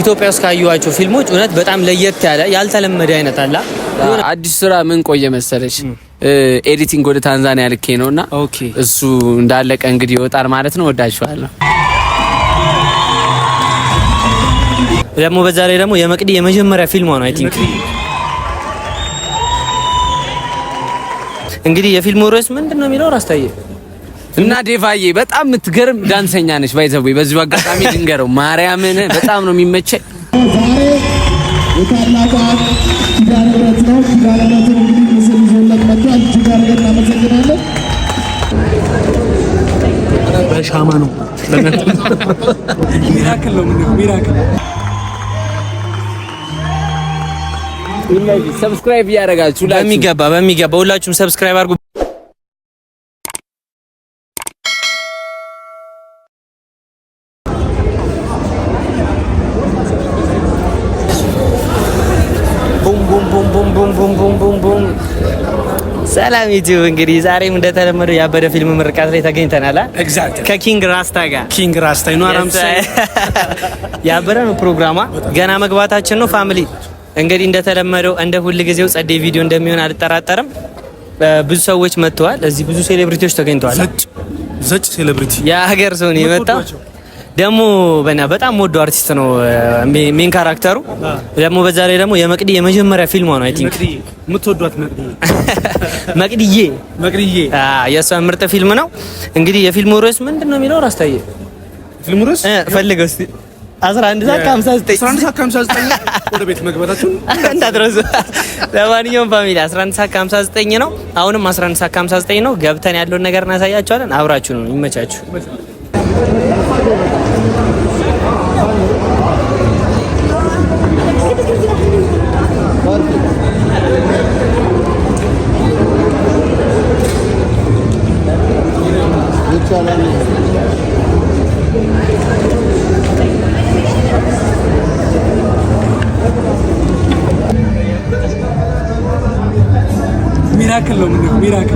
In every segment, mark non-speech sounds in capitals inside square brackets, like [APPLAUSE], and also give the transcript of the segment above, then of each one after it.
ኢትዮጵያ ውስጥ ካየኋቸው ፊልሞች እውነት በጣም ለየት ያለ ያልተለመደ አይነት አለ። አዲስ ስራ ምን ቆየ መሰለች ኤዲቲንግ ወደ ታንዛኒያ ልኬ ነውና እሱ እንዳለቀ እንግዲህ ይወጣል ማለት ነው። ወዳችኋለሁ። ደግሞ በዛ ላይ ደግሞ የመቅዲ የመጀመሪያ ፊልም ነው አይ ቲንክ። እንግዲህ የፊልሙ ርዕስ ምንድን ነው የሚለው ራስታየ እና ዴቫዬ በጣም የምትገርም ዳንሰኛ ነች። ባይዘው በዚሁ አጋጣሚ ድንገረው ማርያምን በጣም ነው የሚመቸኝ። በሻማ ነው ሚራክል ነው ሚራክል። ሰብስክራይብ እያደረጋችሁ በሚገባ በሚገባ ሁላችሁም ሰብስክራይብ አድርጉ። ሰላም ዩቲዩብ እንግዲህ ዛሬም እንደተለመደው ያበደ ፊልም ምርቃት ላይ ተገኝተናል። ከኪንግ ራስታ ጋር ኪንግ ራስታ [LAUGHS] ያበረ ነው ፕሮግራሟ። ገና መግባታችን ነው ፋሚሊ። እንግዲህ እንደተለመደው እንደ ሁል ጊዜው ጸዴ ቪዲዮ እንደሚሆን አልጠራጠርም። ብዙ ሰዎች መጥተዋል። እዚህ ብዙ ሴሌብሪቲዎች ተገኝተዋል። ዘጭ ሴሌብሪቲ የሀገር ሰው ነው የመጣው ደግሞ በና በጣም ወዶ አርቲስት ነው ሜን ካራክተሩ ደግሞ በዛ ላይ ደግሞ የመቅዲ የመጀመሪያ ፊልሟ ነው። አይ ቲንክ የምትወዷት መቅዲዬ [LAUGHS] መቅዲዬ የእሷ ምርጥ ፊልም ነው። እንግዲህ የፊልሙ ርዕስ ምንድን ነው የሚለው ራስታየ ፊልሙ ርዕስ ፈልገው እስቲ [LAUGHS] [LAUGHS] ለማንኛውም ፋሚሊ ነው። አሁንም ነው። ገብተን ያለውን ነገር እናሳያቸዋለን። አብራችሁ ነው። ይመቻችሁ። Mira que lo mira que.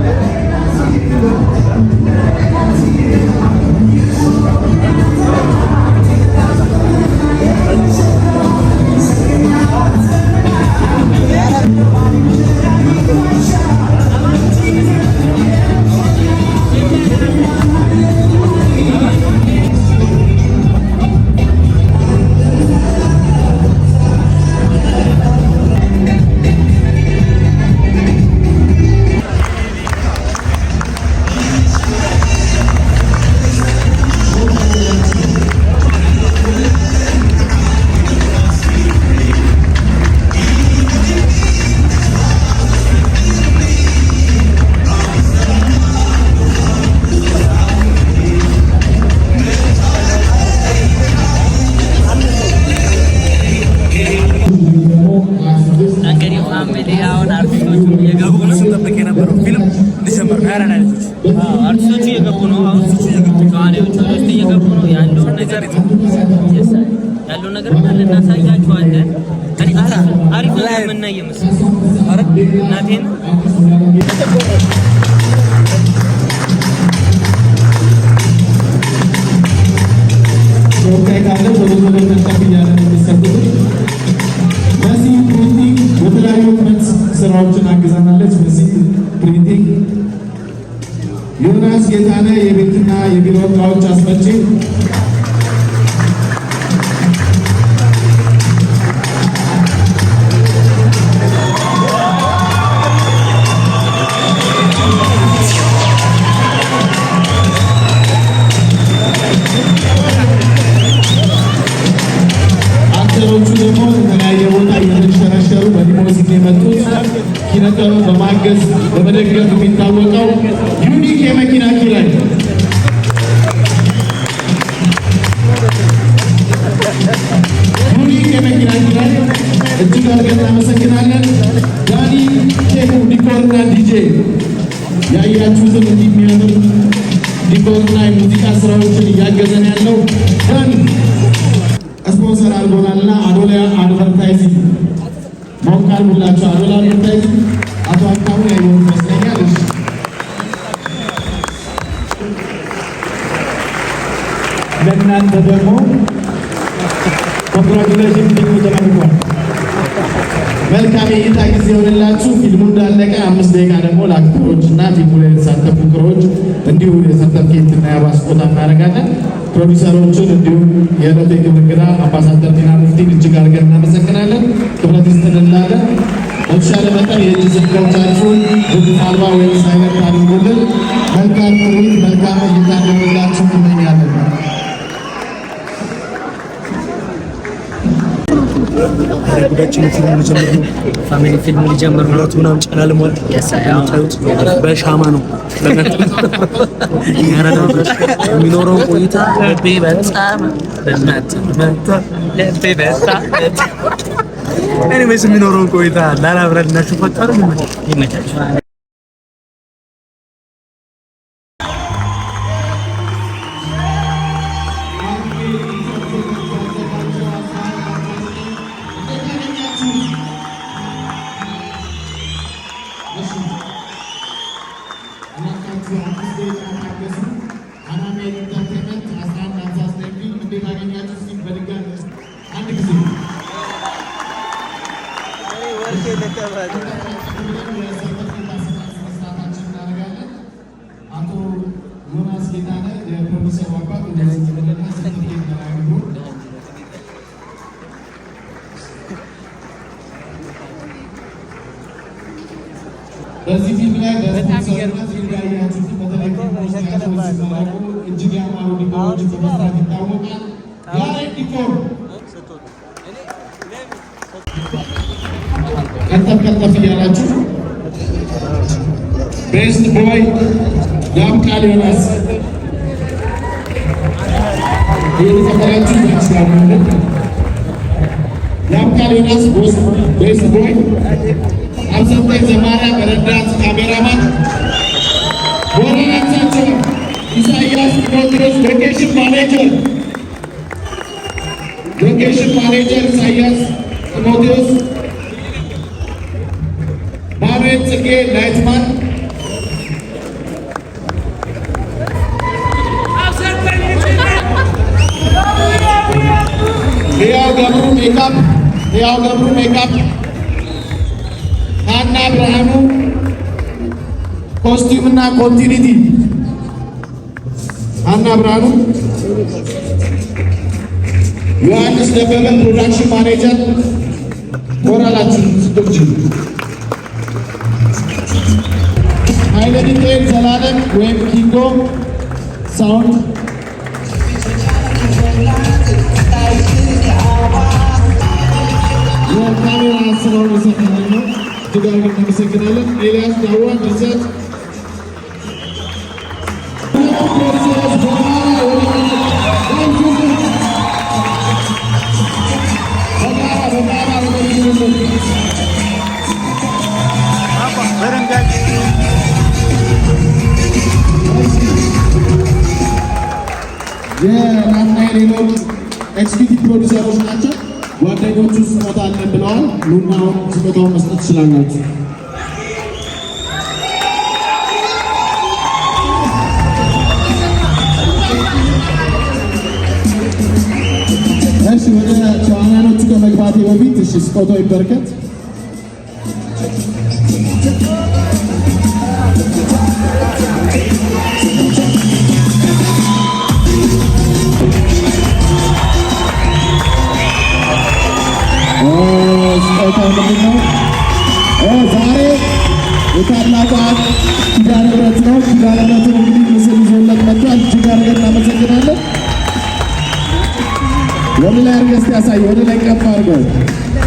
ዘርት ያለው ነገር እንዳለ እናሳያችኋለን። አሪፍ የምናይ ይመስል እናቴን ስራዎችን አግዛናለች። በዚህ ፕሪንቲንግ ዮናስ ጌታነ የቤትና የቢሮ እቃዎች አስመጪ ሲሰሩ በማገዝ በመደገፍ የሚታወ लहान मुलांच्या अनुदान ሰዓት ሙላ የተሳተፉ ክሮች እንዲሁ የሰርተፍኬት እና የአበባ ስጦታ እናደርጋለን። ፕሮዲሰሮችን እንዲሁም የዕለቱ የክብር እንግዳ አምባሳደር ዲና ሙፍቲን እጅግ አድርገን እናመሰግናለን። ክብረት ይስጥን እንላለን። በተሻለ መጠን የእጅ ስልኮቻችሁን ድምፅ አልባ ወይም ሳይለንት አድርጉልን። መልካም ትርኢት፣ መልካም እይታ እንዲሆንላችሁ እንመኛለን። ጉዳችን ፊልም ልጀምር ነው። ፋሚሊ ፊልም ልጀምር ነው። ሁለቱ ምናምን ጨላልሟል። በሻማ ነው የሚኖረው ቆይታ ልቤ በጣም ልቤ በጣም እኔ የሚኖረውን ቆይታ ላላብረልናችሁ ፈጠሩ ይመቻችሁ። ጌታነ የፕሮፌሰሩ አባት ወደዝምልና ስንትጌ መላሉ በዚህ ፊልም ላይ በስፖንሰርነት እንዳያችሁ በተለይ ፖስታቶች ሲመረቁ እጅግ ያማሩ ዲኮሮች በመስራት ይታወቃል። ያ ዲኮር ቀጠፍ ቀጠፍ እያላችሁ ቤስት ቦይ የአምካል ዮናስ የተፈራችሁ ይችላለ የአምካል ዮናስ ቤስት ቦይ አብሰልጣኝ ዘማራ በረዳት ካሜራማን ወራናቻቸው ኢሳያስ ሞትሮስ ሎኬሽን ማኔጀር ሎኬሽን ማኔጀር ኢሳያስ ሞትሮስ እና ኮንቲኒቲ አና ብርሃኑ ዮሐንስ ደበበ ፕሮዳክሽን ማኔጀር ኮራላችሁ ስቶች ኃይለድጤን ዘላለም ወይም ኪንጎ ሳውንድ የካሜራ ስራውን ይሰጠናል ነው። እናመሰግናለን። ኤልያስ ዳዋ ድርሰት የናትናኤል ሄኖክ ኤግዚኪዩቲቭ ፕሮዲሰሮች ናቸው። ጓደኞቹ ስጦታ አለን ብለዋል። ኑና ስጦታውን መስጠት ትችላላችሁ። እሺ ወደ ተዋናኖቹ ከመግባቴ በፊት እሺ ስጦታ ይበርከት። ዛሬ የታላቋ ኪዳነ ምህረት ነው። ኪዳነ ምህረትን እንግዲህ መንግስት ያሳይ። ወደ ላይ ከፍ አድርገው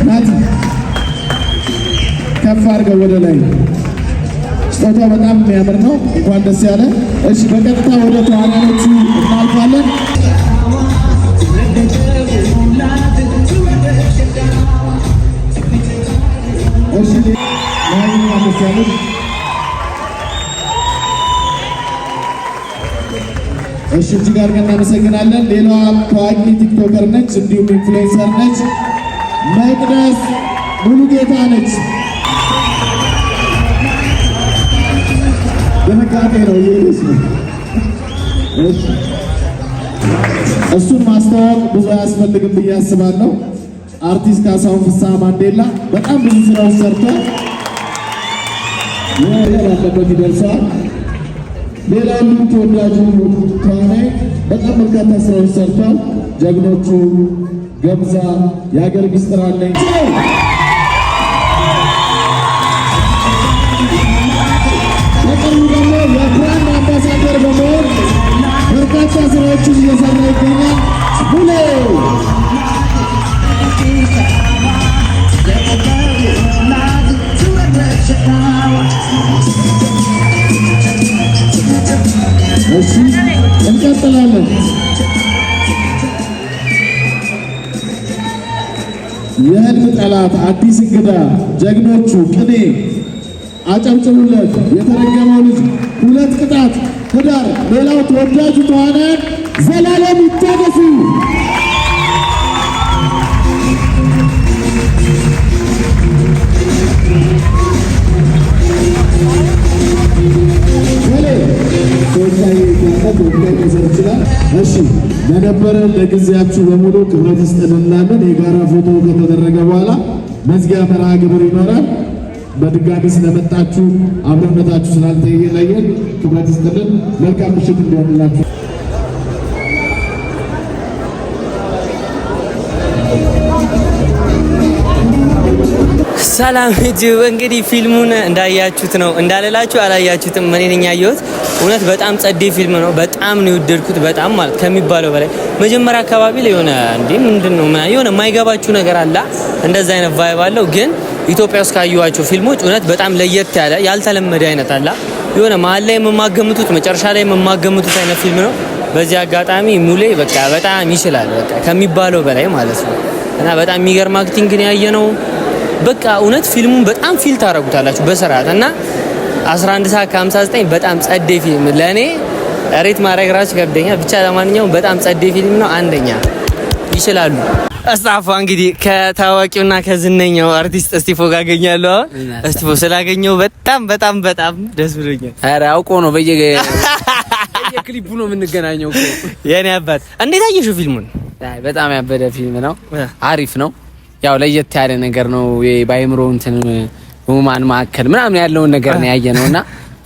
ናት፣ ከፍ አድርገው ወደ ላይ። ስጦታ በጣም የሚያምር ነው። እንኳን ደስ ያለ። እሺ፣ በቀጥታ ወደ ተዋናኖቹ እናልፋለን። እሺ፣ ደስ ያለ እሺ እጅግ አድርገን እናመሰግናለን። ሌላዋ ታዋቂ ቲክቶከር ነች፣ እንዲሁም ኢንፍሉዌንሰር ነች። መቅደስ ሙሉጌታ ነች። ድንጋጤ ነው ይሄስ እሱን ማስተዋወቅ ብዙ አያስፈልግም ብዬ አስባለሁ። አርቲስት ካሳሁን ፍስሐ ማንዴላ በጣም ብዙ ስራዎች ሰርቷል። ያለበት ይደርሰዋል። ሌላ አንዱ ተወዳጁ ተዋናይ በጣም በርካታ ስራዎች ሰርቷል። ጀግኖቹ ገምዛ፣ የሀገር ግስጥራለኝ በቅርቡ ደግሞ የብራንድ አምባሳደር በመሆን በርካታ ስራዎችን እየሰራ ይገኛል። ቡሌ እሺ እንቀጥላለን። የህልም ጠላት አዲስ እንግዳ ጀግኖቹ ቅኔ አጨብጭቡለት። የተረገመው ልጅ ሁለት ቅጣት ህዳር ሌላው ተወዳጁ ተዋናያን ዘላለም ይታገሱ ምክንያት ሊሰጥ ይችላል። እሺ ለነበረ ለጊዜያችሁ በሙሉ ክብረት ይስጥልናለን። የጋራ ፎቶ ከተደረገ በኋላ መዝጊያ መርሃ ግብር ይኖራል። በድጋሚ ስለመጣችሁ አብረነታችሁ ስላልተለየን ክብረት ይስጥልን። መልካም ምሽት እንዲሆንላችሁ ሰላም ዩቲዩብ። እንግዲህ ፊልሙን እንዳያችሁት ነው እንዳለላችሁ አላያችሁትም፣ እኔ ነኝ ያየሁት። እውነት በጣም ጸዴ ፊልም ነው። በጣም ነው የወደድኩት። በጣም ማለት ከሚባለው በላይ መጀመሪያ አካባቢ ላይ የሆነ እንዴ ምንድን ነው የሆነ የማይገባችሁ ነገር አለ። እንደዛ አይነት ቫይብ አለው። ግን ኢትዮጵያ ውስጥ ካየኋቸው ፊልሞች እውነት በጣም ለየት ያለ ያልተለመደ አይነት አለ። የሆነ መሀል ላይ የምማገምቱት መጨረሻ ላይ የምማገምቱት አይነት ፊልም ነው። በዚህ አጋጣሚ ሙሌ በቃ በጣም ይችላል፣ በቃ ከሚባለው በላይ ማለት ነው። እና በጣም የሚገርም አክቲንግ ነው ያየነው። ነው በቃ እውነት ፊልሙን በጣም ፊል ታደረጉታላችሁ በስርዓት እና 11 ሰዓት ከ59 በጣም ጸደይ ፊልም ለእኔ ሬት ማድረግ ራሱ ይከብደኛል። ብቻ ለማንኛውም በጣም ጸደይ ፊልም ነው። አንደኛ ይችላሉ። እስጢፎ እንግዲህ ከታዋቂውና ከዝነኛው አርቲስት እስጢፎ ጋር አገኛለሁ። እስጢፎ ስላገኘው በጣም በጣም በጣም ደስ ብሎኛል። አረ አውቆ ነው በየ [LAUGHS] የክሊፑ ነው የምንገናኘው። የኔ አባት እንዴት አየሽው ፊልሙን? በጣም ያበደ ፊልም ነው። አሪፍ ነው። ያው ለየት ያለ ነገር ነው በአይምሮ እንትን ሁማን ማዕከል ምናምን ያለውን ነገር ነው ያየ ነውና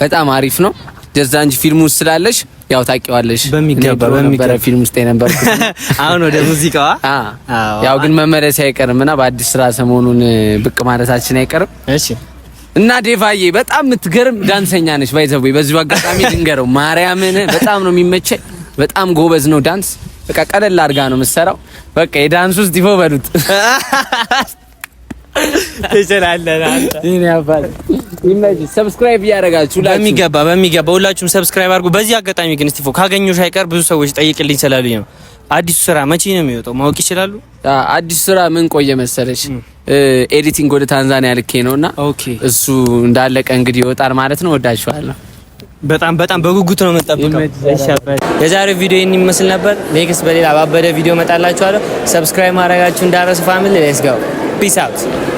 በጣም አሪፍ ነው። ደዛ እንጂ ፊልሙ ውስጥ ስላለሽ ያው ታውቂዋለሽ በሚገባ በሚገባ ፊልም ውስጥ የነበር [LAUGHS] አሁን ወደ ሙዚቃዋ ያው ግን መመለስ አይቀርም እና በአዲስ ስራ ሰሞኑን ብቅ ማለታችን አይቀርም። እሺ እና ዴቫዬ በጣም የምትገርም ዳንሰኛ ነች። ባይዘዌ በዚሁ አጋጣሚ ድንገረው ማርያምን በጣም ነው የሚመቸኝ። በጣም ጎበዝ ነው ዳንስ በቃ ቀለል አድርጋ ነው የምትሰራው። በቃ የዳንሱ ውስጥ ይፎ በሉት ሰብስክራይብ እያደረጋችሁ በሚገባ በሚገባ ሁላችሁም ሰብስክራይብ አድርጉ። በዚህ አጋጣሚ ግን እስቲፎ ካገኘሁሽ አይቀር ብዙ ሰዎች ጠይቅልኝ ስላሉኝ ነው። አዲሱ ስራ መቼ ነው የሚወጣው ማወቅ ይችላሉ? አዲሱ ስራ ምን ቆየ መሰለች ኤዲቲንግ ወደ ታንዛኒያ ልኬ እና እሱ እንዳለቀ እንግዲህ ይወጣል ማለት ነው። ወዳችኋለሁ። በጣም በጣም በጉጉት ነው የምንጠብቀው። የዛሬው ቪዲዮ ይህን ይመስል ነበር። ኔክስት በሌላ ባበደ ቪዲዮ መጣላችኋለሁ። ሰብስክራይብ ማድረጋችሁ እንዳረሱ ፋሚሊ ሌስ ፒስ አውት